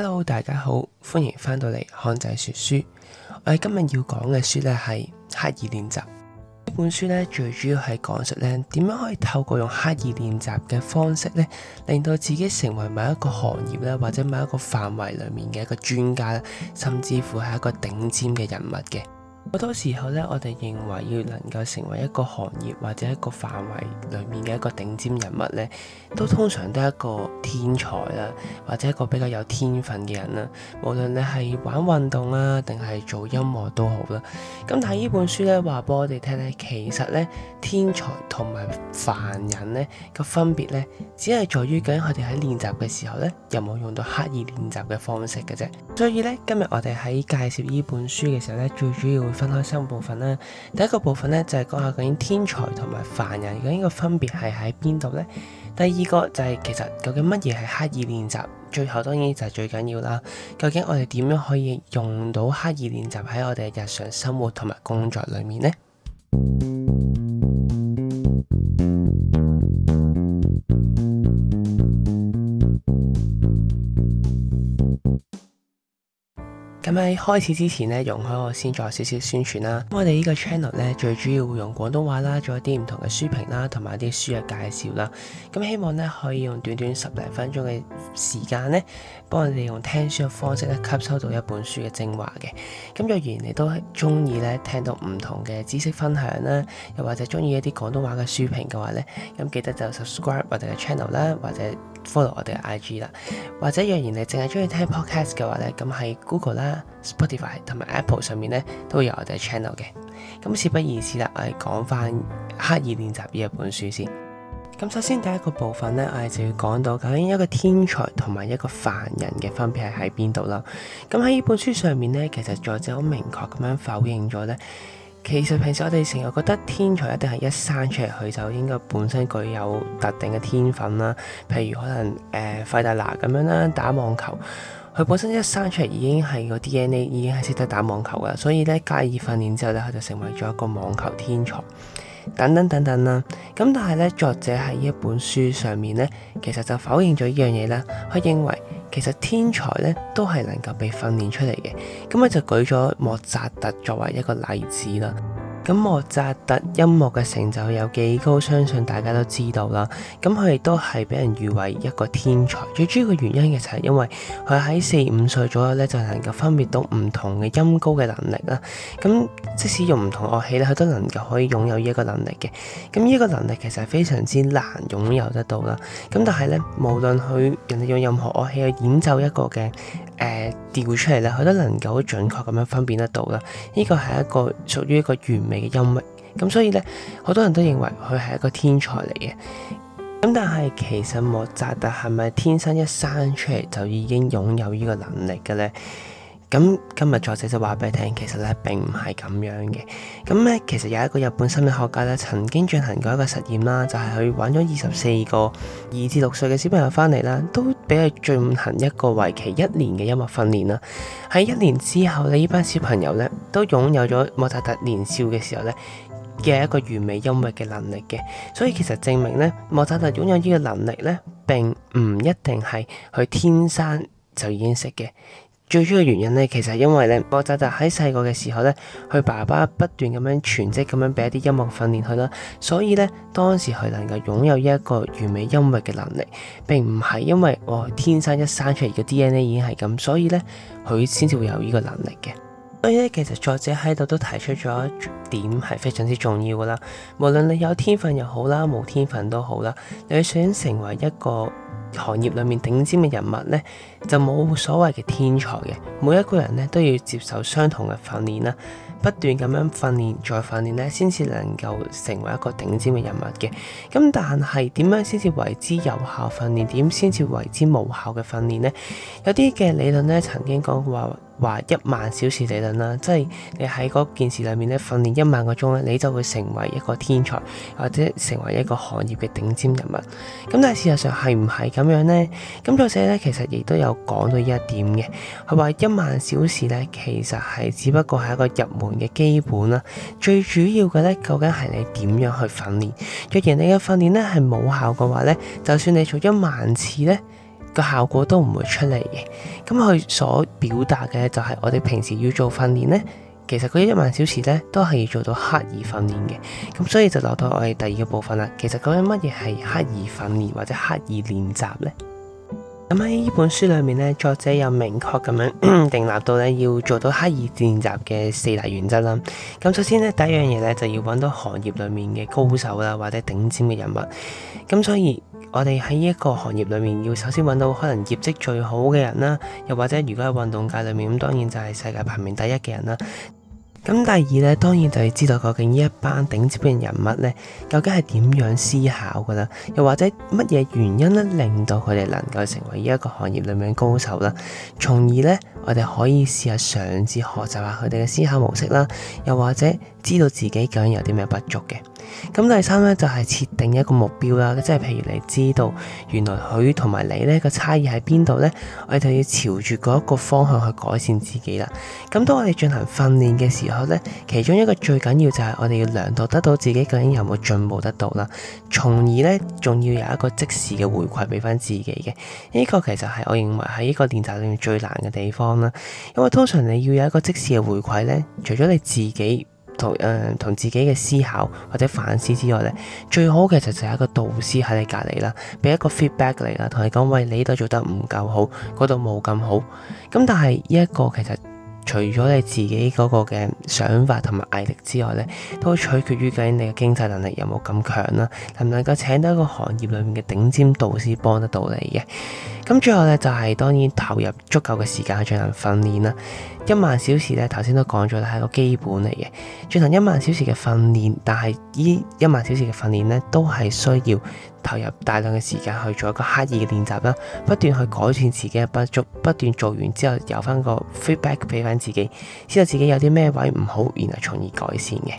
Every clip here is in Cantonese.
hello，大家好，歡迎翻到嚟漢仔說書。我哋今日要講嘅書咧係刻意練習。呢本書咧最主要係講述咧點樣可以透過用刻意練習嘅方式咧，令到自己成為某一個行業咧或者某一個範圍裏面嘅一個專家咧，甚至乎係一個頂尖嘅人物嘅。好多時候呢，我哋認為要能夠成為一個行業或者一個範圍裏面嘅一個頂尖人物呢，都通常都係一個天才啦，或者一個比較有天分嘅人啦。無論你係玩運動啊，定係做音樂都好啦。咁但係呢本書呢，話俾我哋聽呢，其實呢，天才同埋凡人呢個分別呢，只係在於緊佢哋喺練習嘅時候呢，有冇用到刻意練習嘅方式嘅啫。所以呢，今日我哋喺介紹呢本書嘅時候呢，最主要，分開三部分啦，第一個部分咧就係講下究竟天才同埋凡人究竟個分別係喺邊度咧？第二個就係其實究竟乜嘢係刻意練習？最後當然就係最緊要啦，究竟我哋點樣可以用到刻意練習喺我哋嘅日常生活同埋工作裏面呢？咁喺咪開始之前呢，容許我先做少少宣傳啦。咁我哋呢個 channel 咧，最主要會用廣東話啦，做一啲唔同嘅書評啦，同埋啲書嘅介紹啦。咁希望呢，可以用短短十零分鐘嘅時間呢，幫你哋用聽書嘅方式咧，吸收到一本書嘅精華嘅。咁若然你都中意呢，聽到唔同嘅知識分享啦，又或者中意一啲廣東話嘅書評嘅話呢，咁記得就 subscribe 我哋嘅 channel 啦，或者，Follow 我哋嘅 IG 啦，或者若然你淨係中意聽 podcast 嘅話咧，咁喺 Google 啦、Spotify 同埋 Apple 上面咧都有我哋嘅 channel 嘅。咁事不宜遲啦，我哋講翻刻意練習呢一本書先。咁首先第一個部分咧，我哋就要講到究竟一個天才同埋一個凡人嘅分別係喺邊度啦。咁喺呢本書上面咧，其實作者好明確咁樣否認咗咧。其實平時我哋成日覺得天才一定係一生出嚟，佢就應該本身具有特定嘅天分啦，譬如可能誒費、呃、達拿咁樣啦，打網球，佢本身一生出嚟已經係個 DNA 已經係識得打網球噶，所以咧加以訓練之後咧，佢就成為咗一個網球天才。等等等等啦，咁但係呢，作者喺一本書上面呢，其實就否認咗呢樣嘢啦。佢認為其實天才呢都係能夠被訓練出嚟嘅，咁佢就舉咗莫扎特作為一個例子啦。咁莫扎特音樂嘅成就有幾高，相信大家都知道啦。咁佢亦都係俾人譽為一個天才。最主要嘅原因其實係因為佢喺四五歲左右呢，就能夠分別到唔同嘅音高嘅能力啦。咁即使用唔同樂器呢，佢都能夠可以擁有呢一個能力嘅。咁呢個能力其實係非常之難擁有得到啦。咁但係呢，無論佢人哋用任何樂器去演奏一個嘅誒、呃、調出嚟呢，佢都能夠準確咁樣分辨得到啦。呢、這個係一個屬於一個完美。嘅音域，咁所以呢，好多人都認為佢係一個天才嚟嘅。咁但係其實莫扎特係咪天生一生出嚟就已經擁有呢個能力嘅呢？咁今日作者就話俾你聽，其實咧並唔係咁樣嘅。咁咧其實有一個日本心理學家咧曾經進行過一個實驗啦，就係佢搵咗二十四個二至六歲嘅小朋友翻嚟啦，都俾佢進行一個為期一年嘅音樂訓練啦。喺一年之後呢，呢班小朋友咧都擁有咗莫扎特年少嘅時候咧嘅一個完美音樂嘅能力嘅。所以其實證明咧，莫扎特擁有呢個能力咧並唔一定係佢天生就已經識嘅。最主要原因呢，其實係因為呢，莫扎特喺細個嘅時候呢，佢爸爸不斷咁樣全職咁樣俾一啲音樂訓練佢啦，所以呢，當時佢能夠擁有一個完美音樂嘅能力，並唔係因為我天生一生，生出嚟嘅 DNA 已經係咁，所以呢，佢先至會有呢個能力嘅。所以咧，其實作者喺度都提出咗一點係非常之重要㗎啦，無論你有天分又好啦，冇天分都好啦，你想成為一個行業裏面頂尖嘅人物呢，就冇所謂嘅天才嘅，每一個人呢，都要接受相同嘅訓練啦，不斷咁樣訓練再訓練呢，先至能夠成為一個頂尖嘅人物嘅。咁但係點樣先至為之有效訓練？點先至為之無效嘅訓練呢？有啲嘅理論呢，曾經講過話。話一萬小時理論啦，即係你喺嗰件事裏面咧訓練一萬個鐘咧，你就會成為一個天才或者成為一個行業嘅頂尖人物。咁但係事實上係唔係咁樣呢？咁作者咧其實亦都有講到呢一點嘅，佢話一萬小時咧其實係只不過係一個入門嘅基本啦，最主要嘅咧究竟係你點樣去訓練？若然你嘅訓練咧係冇效嘅話咧，就算你做一萬次咧。個效果都唔會出嚟嘅，咁佢所表達嘅就係我哋平時要做訓練呢，其實嗰一萬小時呢都係要做到刻意訓練嘅，咁所以就落到我哋第二個部分啦。其實究竟乜嘢係刻意訓練或者刻意練習呢？咁喺呢本書裏面呢，作者有明確咁樣定立到呢，要做到刻意練習嘅四大原則啦。咁首先呢，第一樣嘢呢，就要揾到行業裏面嘅高手啦，或者頂尖嘅人物，咁所以，我哋喺呢一個行業裏面，要首先揾到可能業績最好嘅人啦，又或者如果喺運動界裏面，咁當然就係世界排名第一嘅人啦。咁第二呢，當然就要知道究竟呢一班頂尖嘅人物呢，究竟係點樣思考噶啦？又或者乜嘢原因呢，令到佢哋能夠成為呢一個行業裏面嘅高手啦。從而呢，我哋可以試下嘗試學習下佢哋嘅思考模式啦，又或者知道自己究竟有啲咩不足嘅。咁第三咧，就係設定一個目標啦，即係譬如你知道原來佢同埋你呢個差異喺邊度呢？我哋就要朝住嗰一個方向去改善自己啦。咁當我哋進行訓練嘅時候呢，其中一個最緊要就係我哋要量度得到自己究竟有冇進步得到啦，從而呢，仲要有一個即時嘅回饋俾翻自己嘅。呢個其實係我認為喺呢個練習裏面最難嘅地方啦，因為通常你要有一個即時嘅回饋呢，除咗你自己。同誒同自己嘅思考，或者反思之外咧，最好其實就係一個導師喺你隔籬啦，俾一個 feedback 嚟啦，同你講，喂，你都做得唔夠好，嗰度冇咁好，咁但係呢一個其實，除咗你自己嗰個嘅想法同埋毅力之外呢，都會取決於緊你嘅經濟能力有冇咁強啦，能唔能夠請到一個行業裏面嘅頂尖導師幫得到你嘅？咁最後呢，就是，就係當然投入足夠嘅時間去進行訓練啦，一萬小時呢，頭先都講咗啦係一個基本嚟嘅，進行一萬小時嘅訓練，但係呢一萬小時嘅訓練呢，都係需要。投入大量嘅時間去做一個刻意嘅練習啦，不斷去改善自己嘅不足，不斷做完之後有翻個 feedback 俾翻自己，知道自己有啲咩位唔好，然後從而改善嘅。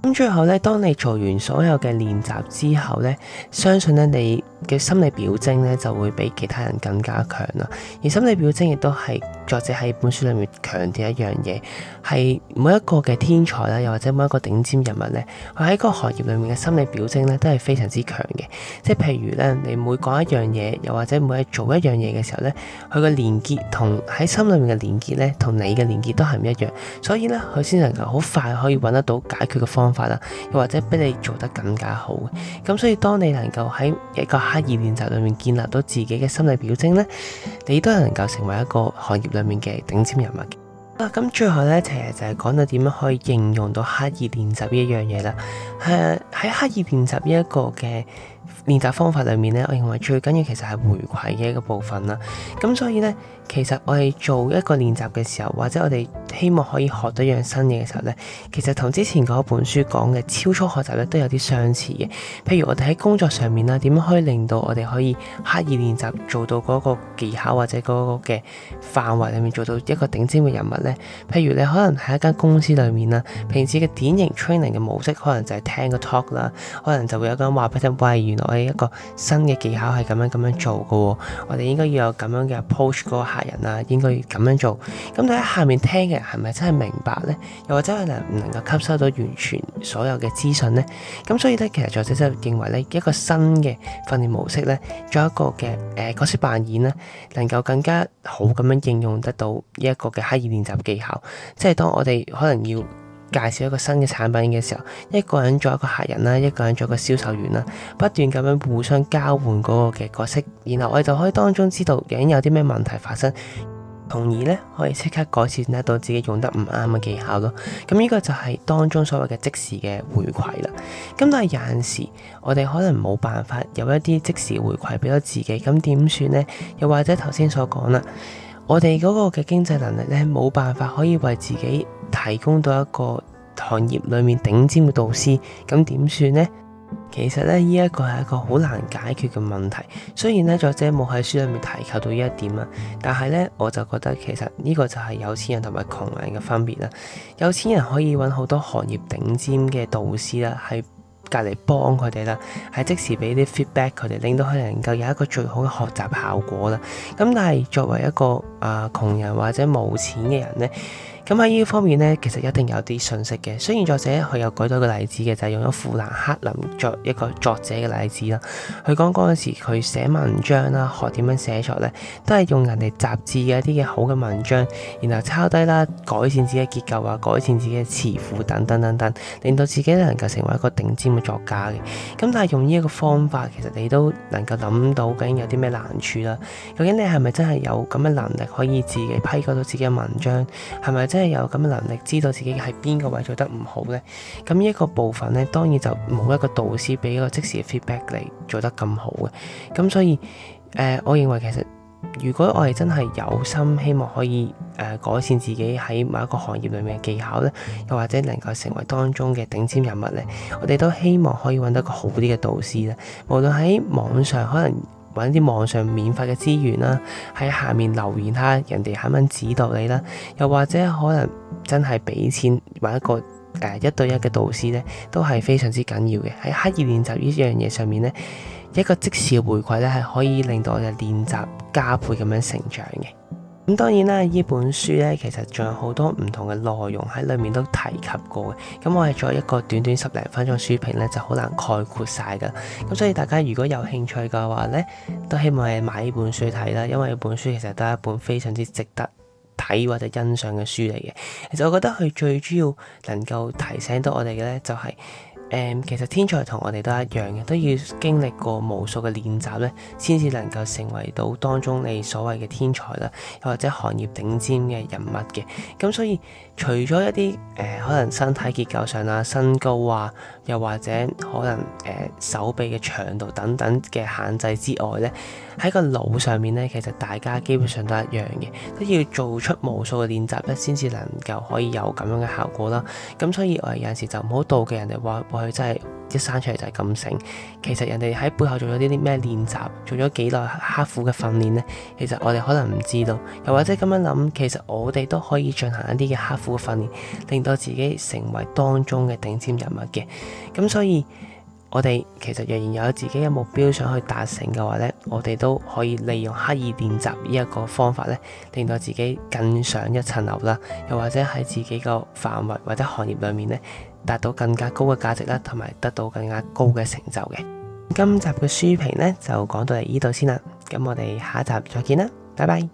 咁最後咧，當你做完所有嘅練習之後咧，相信咧你嘅心理表徵咧就會比其他人更加強啦，而心理表徵亦都係。作者喺本書裏面強調一樣嘢，係每一個嘅天才啦，又或者每一個頂尖人物咧，佢喺個行業裏面嘅心理表徵咧，都係非常之強嘅。即係譬如咧，你每講一樣嘢，又或者每喺做一樣嘢嘅時候咧，佢嘅連結同喺心裏面嘅連結咧，同你嘅連結都係唔一樣，所以呢，佢先能夠好快可以揾得到解決嘅方法啦，又或者俾你做得更加好。咁所以當你能夠喺一個刻意練習裏面建立到自己嘅心理表徵呢，你都係能夠成為一個行業裏面嘅頂尖人物咁最後咧，其實就係講到點樣可以應用到刻意練習呢一樣嘢啦。係喺刻意練習呢一個嘅練習方法裏面咧，我認為最緊要其實係回饋嘅一個部分啦。咁所以咧，其實我哋做一個練習嘅時候，或者我哋。希望可以學到一樣新嘢嘅時候呢，其實同之前嗰本書講嘅超速學習咧都有啲相似嘅。譬如我哋喺工作上面啦，點樣可以令到我哋可以刻意練習做到嗰個技巧或者嗰個嘅範圍裡面做到一個頂尖嘅人物呢？譬如你可能喺一間公司裡面啦，平時嘅典型 training 嘅模式可能就係聽個 talk 啦，可能就會有個人話俾你聽，喂，原來我哋一個新嘅技巧係咁樣咁樣做嘅喎，我哋應該要有咁樣嘅 approach 嗰個客人啊，應該要咁樣做。咁但喺下面聽嘅係咪真係明白呢？又或者係能唔能夠吸收到完全所有嘅資訊呢？咁所以咧，其實作者真係認為呢一個新嘅訓練模式呢，做一個嘅誒、呃、角色扮演呢，能夠更加好咁樣應用得到呢一個嘅刻意練習技巧。即係當我哋可能要介紹一個新嘅產品嘅時候，一個人做一個客人啦，一個人做一個銷售員啦，不斷咁樣互相交換嗰個嘅角色，然後我哋就可以當中知道究竟有啲咩問題發生。同而咧，可以即刻改善得到自己用得唔啱嘅技巧咯。咁呢個就係當中所謂嘅即時嘅回饋啦。咁但係有陣時，我哋可能冇辦法有一啲即時回饋俾咗自己，咁點算呢？又或者頭先所講啦，我哋嗰個嘅經濟能力咧，冇辦法可以為自己提供到一個行業裏面頂尖嘅導師，咁點算呢？其實咧，呢一個係一個好難解決嘅問題。雖然咧，作者冇喺書裡面提及到呢一點啊，但係咧，我就覺得其實呢個就係有錢人同埋窮人嘅分別啦。有錢人可以揾好多行業頂尖嘅導師啦，喺隔離幫佢哋啦，係即時俾啲 feedback 佢哋，令到佢能夠有一個最好嘅學習效果啦。咁但係作為一個啊窮人或者冇錢嘅人咧。咁喺呢方面呢，其實一定有啲信息嘅。雖然作者佢有舉到一個例子嘅，就係、是、用咗富蘭克林作一個作者嘅例子啦。佢講嗰陣時，佢寫文章啦，學點樣寫作呢，都係用人哋雜誌嘅一啲嘅好嘅文章，然後抄低啦，改善自己嘅結構啊，改善自己嘅詞庫等等等等，令到自己能夠成為一個頂尖嘅作家嘅。咁但係用呢一個方法，其實你都能夠諗到究竟有啲咩難處啦。究竟你係咪真係有咁嘅能力可以自己批改到自己嘅文章？係咪真？即係有咁嘅能力，知道自己喺邊個位做得唔好呢？咁一個部分呢，當然就冇一個導師俾個即時嘅 feedback，嚟做得咁好嘅。咁所以誒、呃，我認為其實如果我哋真係有心，希望可以誒、呃、改善自己喺某一個行業裏面嘅技巧呢，又或者能夠成為當中嘅頂尖人物呢，我哋都希望可以揾到一個好啲嘅導師呢。無論喺網上可能。揾啲網上免費嘅資源啦，喺下面留言下人哋肯唔肯指導你啦？又或者可能真係俾錢揾一個誒、呃、一對一嘅導師呢，都係非常之緊要嘅。喺刻意練習呢一樣嘢上面呢，一個即時回饋呢，係可以令到我哋練習加倍咁樣成長嘅。咁當然啦，呢本書咧，其實仲有好多唔同嘅內容喺裏面都提及過嘅。咁、嗯、我係作為一個短短十零分鐘書評咧，就好難概括晒㗎。咁、嗯、所以大家如果有興趣嘅話咧，都希望係買呢本書睇啦，因為呢本書其實都係一本非常之值得睇或者欣賞嘅書嚟嘅。其實我覺得佢最主要能夠提醒到我哋嘅咧，就係、是。嗯，其實天才同我哋都一樣嘅，都要經歷過無數嘅練習咧，先至能夠成為到當中你所謂嘅天才啦，又或者行業頂尖嘅人物嘅。咁所以除咗一啲誒，呃，可能身體結構上啊，身高啊。又或者可能誒、呃、手臂嘅長度等等嘅限制之外呢，喺個腦上面呢，其實大家基本上都一樣嘅，都要做出無數嘅練習咧，先至能夠可以有咁樣嘅效果啦。咁所以我哋有陣時就唔好妒忌人哋話話佢真係一生出嚟就係咁醒。其實人哋喺背後做咗啲啲咩練習，做咗幾耐刻苦嘅訓練呢？其實我哋可能唔知道。又或者咁樣諗，其實我哋都可以進行一啲嘅刻苦嘅訓練，令到自己成為當中嘅頂尖人物嘅。咁所以，我哋其實若然有自己嘅目標想去達成嘅話呢，我哋都可以利用刻意練習呢一個方法呢，令到自己更上一層樓啦，又或者喺自己個範圍或者行業裏面呢，達到更加高嘅價值啦，同埋得到更加高嘅成就嘅。今集嘅書評呢，就講到嚟呢度先啦，咁我哋下一集再見啦，拜拜。